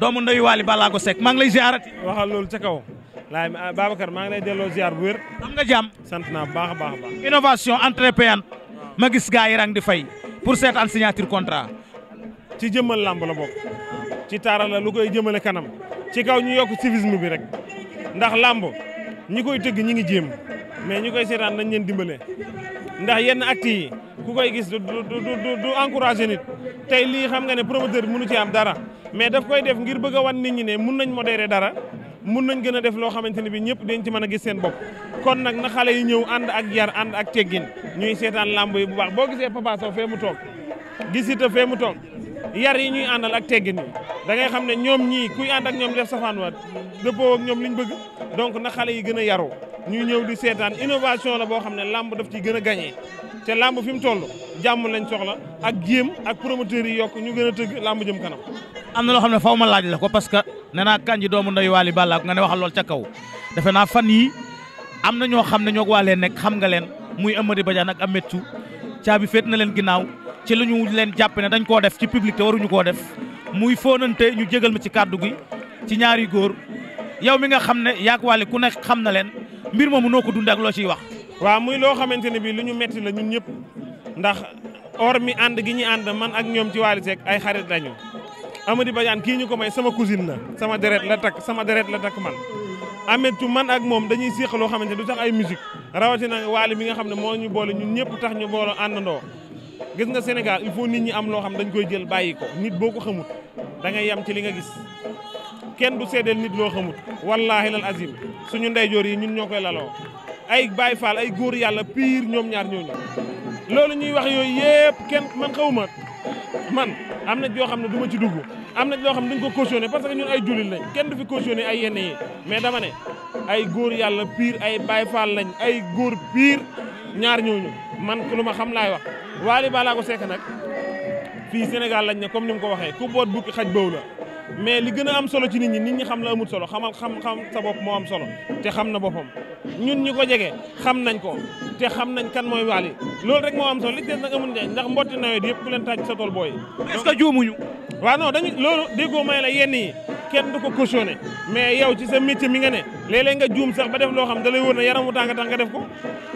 doomu ndeyu Waly Ballago Seck maa ngi lay ziarati. waxal loolu ca kaw. laay Babacar maa ngi lay delloo ziar bu wér. am nga jàmm. sant naa baax a baax a baax. innovation entrepreneur. ma gis gaa yi rang di fay. pour seetaan signature contrat. ci jëmmal làmb la bokk. ci taaral lu koy jëmale kanam. ci kaw ñu yokk civisme bi rek. ndax làmb ñu koy tëgg ñi ngi jéem. mais ñu koy seetaan nañ leen dimbale. ndax yenn actes yi ku koy gis du du du du encouragé nit. tey lii xam nga ne promoteur bi mënu ci am dara. mais daf koy def ngir bëgg a wan nit ñi ne mun nañ modéré dara mun nañ gën a def loo xamante ne bi ñëpp dañ ci mën a gis seen bopp kon nag na xale yi ñëw ànd ak yar ànd ak teggin ñuy seetaan làmb yi bu baax boo gisee Papa Sow fee mu toog gisi ta fee mu toog yar yi ñuy àndal ak teggin yi da ngay xam ne ñoom ñii kuy ànd ak ñoom def safaan waat dëppoo ak ñoom liñ bëgg donc na xale yi gën a yaroo ñuy ñëw di seetaan innovation la boo xam ne làmb daf ci gën a gagné te làmb fi mu toll jàmm lañ soxla ak jéem ak promoteurs yi yokk ñu gën a tëgg làmb jëm kanam. am na loo xam ne faw ma laaj la ko parce que nee naa Kandji doomu ndeyu Waly Ballago nga ne waxal lool ca defe naa fan yi am na ñoo xam ne ñoo ko waalee nekk xam nga leen muy Amady Badiane ak Ametou caabi féet na leen ginnaaw ci lu ñu leen jàpp ne dañ koo def ci public te waruñu koo def muy fóonante ñu jégal ma ci kàddu gi ci ñaari góor yow mi nga xam ne yaak Waly ku nekk xam na leen. mbir moomu noo ko dund ak loo ciy wax. waaw muy loo xamante ne bii lu ñu metti la ñun ñëpp ndax or mi ànd gi ñu ànd man ak ñoom ci Wally Seck ay xarit lañu Amady Badiane kii ñu ko may sama cousine la sama deret la takk sama deret la takk man. Ameth tu man ak moom dañuy séq loo xamante ne du tax ay musique rawatina Wally mi nga xam ne moo ñu boole ñun ñëpp tax ñu boole àndandoo gis nga Sénégal il faut nit ñi am loo xam dañ koy jël bàyyi ko nit boo ko xamut da ngay yem ci li nga gis. kenn du seedeel nit loo xamut wallaahi lal azim suñu ndeyjoor yi ñun ñoo koy laloo ay Baay Faal ay góor yàlla piir ñoom ñaar ñooñu loolu ñuy wax yooyu yëpp kenn man xawma man am na yoo xam ne du ma ci dugg am na loo xam ne duñ ko cautionné parce que ñun ay jullit lañ kenn du fi cautionné ay yenn yi mais dama ne ay góor yàlla piir ay Baay Faal lañ ay góor piir ñaar ñooñu man lu ma xam laay wax waali balaa ko nag fii Sénégal lañ ne comme ni mu ko waxee ku boot bukki xaj bëw la mais li gën a am solo ci nit ñi nit ñi xam la amul solo xamal xam xam sa bopp moo am solo te xam na boppam ñun ñi ko jege xam nañ ko te xam nañ kan mooy Wally loolu rek moo am solo li des nag amul njëriñ ndax mbotti nawet yëpp ku leen tàj sa tool booy est-ce que juumuñu waaw non dañu loolu déggoo may la kenn du ko cautionné mais yow ci sa métier mi nga ne léeg-léeg nga juum sax ba def loo xam da lay wóor yaram yaramu tàng tàng nga def ko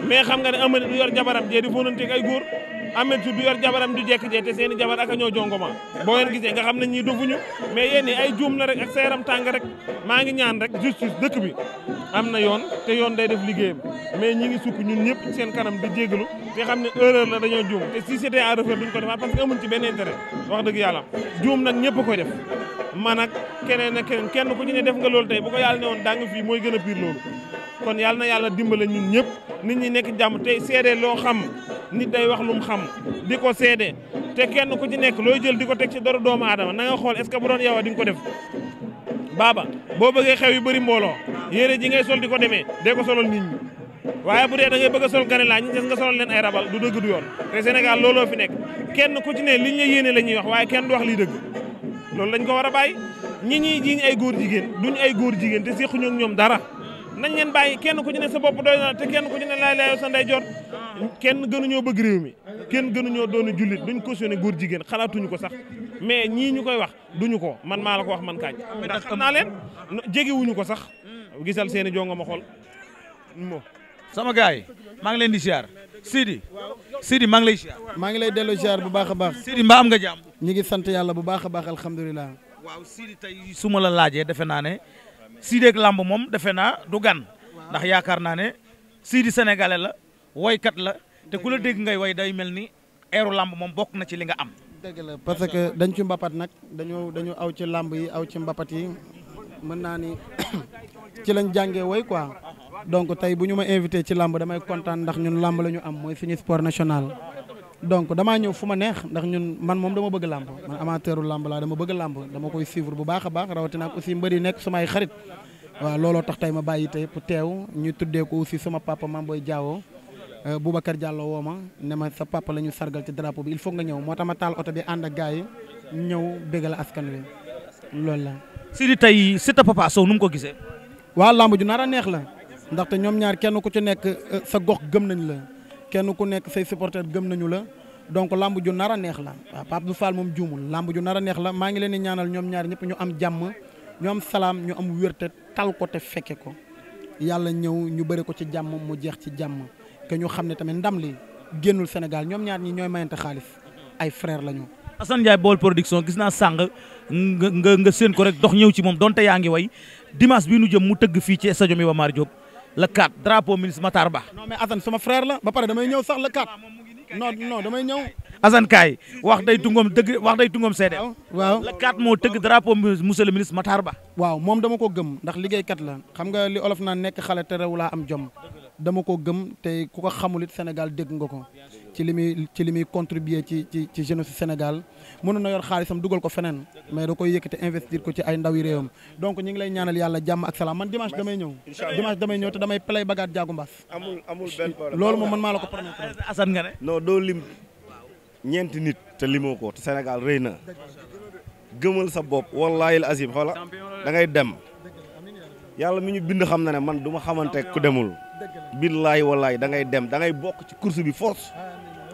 mais xam nga ne ama yor jabaram jee di fóonante ak ay góor Ameth Thiou du yor jabaram du jekk-jee te seen i jabar ak a ñoo jongoma boo ngeen gisee nga xam ne ñii dofuñu mais yéen ñi ay juum la rek ak seeram tàng rek maa ngi ñaan rek justice dëkk bi am na yoon te yoon day def liggéeyam ne erreur la dañoo juum te si ko defaat parce que amuñ ci benn intérêt wax dëgg yàlla man ak keneen kenn ku ci def nga loolu tey bu ko ne woon dàng fii mooy gën a pire loolu kon yàlla na yàlla dimbale ñun ñëpp nit ñi nekk jàmm te seede loo xam nit day wax lu mu xam di ko seede te kenn ku ci nekk looy jël di ko teg ci dara doomu aadama na nga xool est-ce que bu ko def baaba boo bëggee xew yu bëri mbooloo yére ji ngay sol di ko demee dee ko solal nit ñi waaye bu dee da ngay bëgg a sol gane laa ñi des nga solal leen ay rabal du dëgg du yoon te Sénégal looloo fi nek kenn ku ne li la yéene la ñuy wax waaye kenn du wax lii dëgg loolu lañ ko war a bàyyi ñi ñuy jiiñ ay góor jigéen duñ ay góor jigéen te séquñu ak ñoom dara nañ leen bàyyi kenn ku ci ne sa bopp doy kenn ku ci ne laay laayoo sa kenn gënuñoo bëgg réew mi kenn gënuñoo doon jullit duñ cautionné góor jigéen xalaatuñu ko sax mais ñii ñu koy wax duñu ko man maa la ko wax man kañ ndax xam naa leen ñu ko sax gisal seeni i jongo ma xool mo sama gars yi maa ngi leen di siyaar Sidi Sidi maa ngi lay siyaar maa ngi lay delloo siyaar bu baax a baax Sidi mbaam nga jàmm ñi ngi sant yàlla bu baax a baax alhamdulilah waaw Sidi tey su ma la laajee defe naa ne Sidi ak làmb moom defe naa du gan ndax yaakaar naa ne Sidi sénégalais la woykat la te ku la dégg ngay woy day mel ni eeru làmb moom bokk na ci li nga am. dëgg la parce que dañ ci mbapat nag dañoo dañu aw ci làmb yi aw ci mbapat yi mën naa ni ci lañ jàngee woy quoi donc tey bu ñu ma invité ci làmb damay kontaan ndax ñun làmb la ñu am mooy suñu sport national. donc damaa ñëw fu ma neex ndax ñun man moom dama bëgg làmb man amateuru làmb laa dama bëgg làmb dama koy suivre bu baax a baax rawatina ak aussi mbëri nekk sumay xarit waaw looloo tax ma bàyyi tey pour teew ñu tuddee ko aussi sama papa Mamboy Diawo Euh, Boubacar Diallo woo ma ne ma sa papa la ñu sargal ci drapeau bi il faut nga ñëw moo tax ma taal oto bi ànd ak gars yi ñëw bégal askan wi loolu la. si di tey Siteu Papa Sow nu mu ko gisee. waa lamb ju nar a neex la ndaxte ñoom ñaar kenn ku ci nekk euh, sa gox gëm nañ la kenn ku nekk say supporters gëm nañu la donc lamb ju nar a neex la waaw Pape Abdou Fall moom juumul lamb ju nar a neex la maa ngi leen di ñaanal ñoom ñaar ñëpp ñu am jàmm ñu am salaam ñu am wérte tal ko te fekke ko yàlla ñëw ñu bëri ko ci jàmm mu jeex ci jàmm. que ñu xam ne tamit ndam li génnul Sénégal ñoom ñaar ñi ñooy mayante xaalis ay frère lañu. Assane Ndiaye Baol production gis naa sàng nga nga nga séen ko rek dox ñëw ci moom donte yaa ngi way dimanche bi nu jëm mu tëgg fii ci stade Iba Mar Diop le 4 drapeau ministre Matar Ba. non mais Assane sama frère la ba pare damay ñëw sax le 4 non non damay ñëw. Assane Kaay wax day tungoom dëgg wax day tungoom seede. waaw le 4 moo tëgg drapeau monsieur le ministre Matar Ba. waaw moom dama ko gëm ndax kat la xam nga li olof naa nekk xale te rew laa am jom. dama ko gëm te ku ko xamul it Sénégal dégg nga ko ci li muy ci li muy contribuer ci ci ci jeunesse Sénégal mënoon na yor xaalisam dugal ko feneen mais da koy yëkkate investir ko ci ay ndawi réewam donc ñu lay ñaanal yàlla jàmm ak man dimanche damay ñëw dimanche damay ñëw te damay play bagaat jaagu mbaas amul amul benn problème man maa ko promettre Assane nga ne doo lim ñeenti nit te limoo ko te Sénégal rëy na gëmal sa bopp wallaahil azim xoola da ngay dem yàlla mi ñu bind xam na ne man du ma xamante ku demul billaay walaay da dem da ngay bokk ci course bi force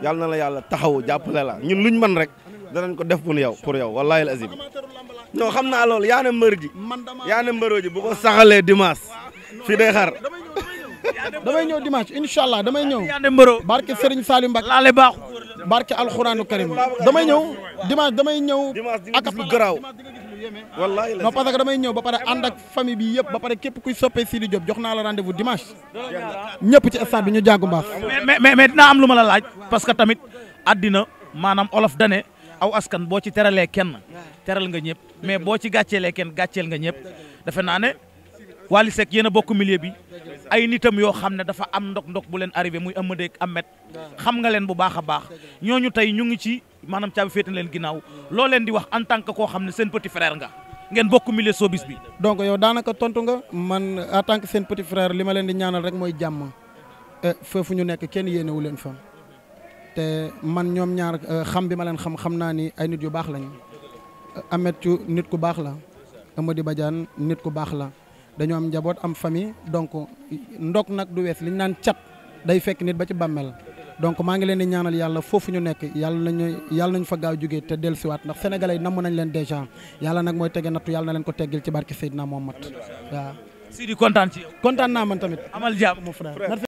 yàlla na la yàlla taxawu jàppale la ñun luñ mën rek danañ ko def pour yow pour yow wallaay la azim non xam na loolu yaa ne mbër ji yaa ne mbëroo ji bu ko saxalee fi fii day xar. damay ñëw dimanche incha allah damay ñëw barke Serigne Saliou Mbacke laale baaxu barke alxuraanu karim damay ñëw dimanche damay ñëw ak garaaw wallaay la non parce que damay ñëw ba pare ànd ak famille bi yëpp ba pare képp kuy soppee Sidi Diop jox naa la rendez-vous dimanche ñëpp ci stade bi ñu jàngu mbaas mais mais mais am lu ma la laaj parce que tamit addina maanaam olof dane aw askan boo ci teralee kenn teral nga ñëpp mais boo ci gàcceelee kenn gàcceel nga ñëpp defe naa ne Wally Seck yéen a bokk milieu bi ay nitam yoo xam ne dafa am ndok ndok bu leen arrivé muy Amady ak Amet xam nga leen bu baax a baax ñooñu maanaam caabi féete leen ginnaaw loo leen di wax en tant que koo xam ne seen petit frère nga ngeen bokk milieu showbiz bi. donc yow daanaka tontu nga man en tant que seen petit frère li ma leen di ñaanal rek mooy jàmm euh, foofu ñu nekk kenn yéenewu leen fa te man ñoom ñaar euh, xam bi ma leen xam xam naa ni ay nit yu baax a euh, Ameth Thiou nit ku baax la Amady Badiane nit ku baax la dañoo am njaboot am famille donc ndok nag du wees liñ naan cat day fekk nit ba ci bàmmeel donc maa ngi leen di ñaanal yàlla foofu ñu nekk yàlla nañu yàlla nañu fa gaaw jógee te dellusiwaat ndax sénégalais nam namm nañ leen dèjà yàlla nag mooy tege nattu yàlla na leen ko teggil ci barke Seydina Mohamed si di kontaan ci kontaan naa man tamit. amal jàmm mon